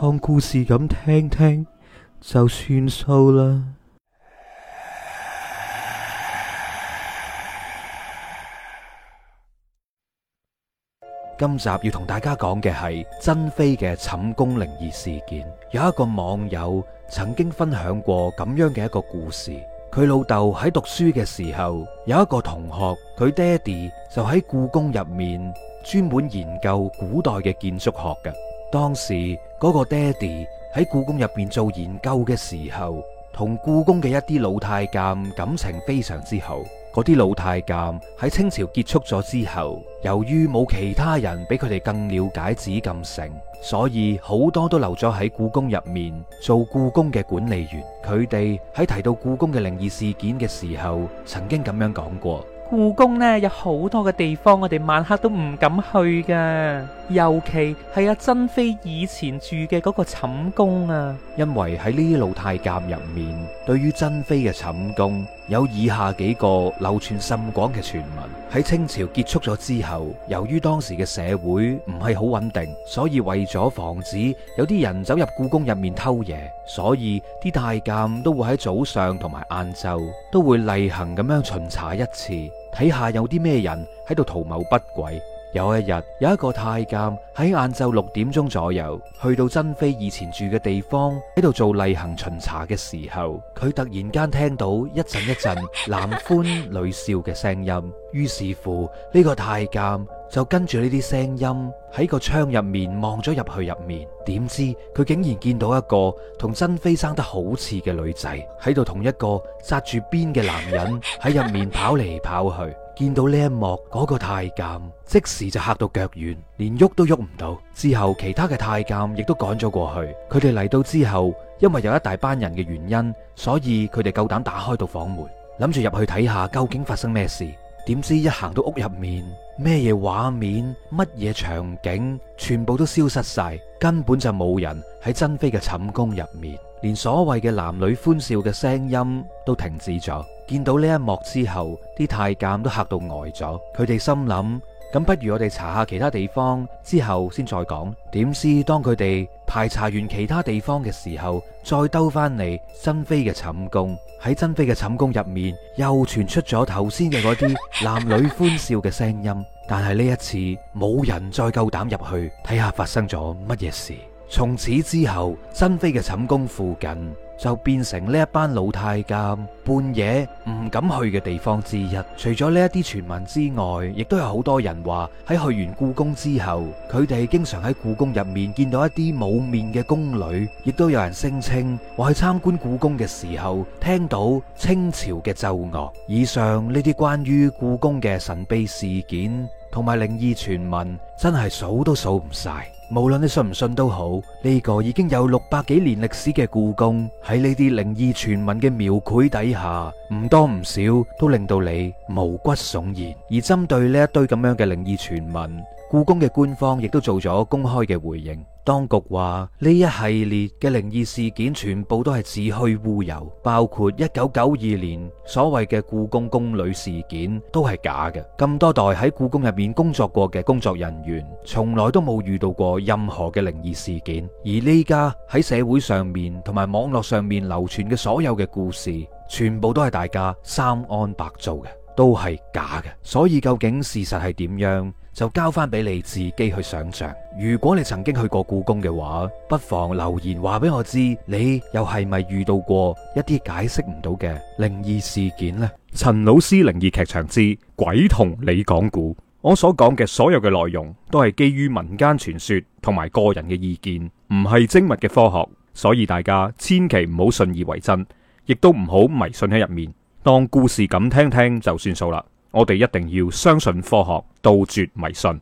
當故事咁聽聽就算數啦。今集要同大家講嘅係珍妃嘅寢宮靈異事件。有一個網友曾經分享過咁樣嘅一個故事。佢老豆喺讀書嘅時候，有一個同學，佢爹哋就喺故宮入面專門研究古代嘅建築學嘅。當時嗰個爹哋喺故宮入邊做研究嘅時候，同故宮嘅一啲老太監感情非常之好。嗰啲老太監喺清朝結束咗之後，由於冇其他人比佢哋更了解紫禁城，所以好多都留咗喺故宮入面做故宮嘅管理員。佢哋喺提到故宮嘅靈異事件嘅時候，曾經咁樣講過：故宮呢，有好多嘅地方，我哋晚黑都唔敢去噶。尤其係阿珍妃以前住嘅嗰個寢宮啊，因為喺呢啲老太監入面，對於珍妃嘅寢宮有以下幾個流傳甚廣嘅傳聞。喺清朝結束咗之後，由於當時嘅社會唔係好穩定，所以為咗防止有啲人走入故宮入面偷嘢，所以啲太監都會喺早上同埋晏晝都會例行咁樣巡查一次，睇下有啲咩人喺度圖謀不軌。有一日，有一個太監喺晏晝六點鐘左右，去到珍妃以前住嘅地方，喺度做例行巡查嘅時候，佢突然間聽到一陣一陣男歡女笑嘅聲音，於是乎呢個太監。就跟住呢啲聲音喺個窗入面望咗入去入面，點知佢竟然見到一個同珍妃生得好似嘅女仔喺度同一個紮住辮嘅男人喺入面跑嚟跑去。見到呢一幕，嗰個太監即時就嚇到腳軟，連喐都喐唔到。之後其他嘅太監亦都趕咗過去。佢哋嚟到之後，因為有一大班人嘅原因，所以佢哋夠膽打開到房門，諗住入去睇下究竟發生咩事。點知一行到屋入面，咩嘢畫面、乜嘢場景，全部都消失晒，根本就冇人喺珍妃嘅寢宮入面，連所謂嘅男女歡笑嘅聲音都停止咗。見到呢一幕之後，啲太監都嚇到呆咗，佢哋心諗。咁不如我哋查下其他地方，之後先再講。點知當佢哋排查完其他地方嘅時候，再兜翻嚟珍妃嘅寢宮。喺珍妃嘅寢宮入面，又傳出咗頭先嘅嗰啲男女歡笑嘅聲音。但係呢一次，冇人再夠膽入去睇下發生咗乜嘢事。從此之後，珍妃嘅寢宮附近。就變成呢一班老太監半夜唔敢去嘅地方之一。除咗呢一啲傳聞之外，亦都有好多人話喺去完故宮之後，佢哋經常喺故宮入面見到一啲冇面嘅宮女，亦都有人聲稱話去參觀故宮嘅時候聽到清朝嘅奏樂。以上呢啲關於故宮嘅神秘事件，同埋靈異傳聞真係數都數唔晒，無論你信唔信都好，呢個已經有六百幾年歷史嘅故宮喺呢啲靈異傳聞嘅描繪底下，唔多唔少都令到你毛骨悚然。而針對呢一堆咁樣嘅靈異傳聞，故宮嘅官方亦都做咗公開嘅回應。當局話呢一系列嘅靈異事件全部都係子虛烏有，包括一九九二年所謂嘅故宮宮女事件都係假嘅。咁多代喺故宮入面工作過嘅工作人員，從來都冇遇到過任何嘅靈異事件。而呢家喺社會上面同埋網絡上面流傳嘅所有嘅故事，全部都係大家生安白造嘅，都係假嘅。所以究竟事實係點樣？就交翻俾你自己去想象。如果你曾經去過故宮嘅話，不妨留言話俾我知，你又係咪遇到過一啲解釋唔到嘅靈異事件呢？陳老師靈異劇場之「鬼同你講故」，我所講嘅所有嘅內容都係基於民間傳說同埋個人嘅意見，唔係精密嘅科學，所以大家千祈唔好信以為真，亦都唔好迷信喺入面，當故事咁聽聽就算數啦。我哋一定要相信科學，杜絕迷信。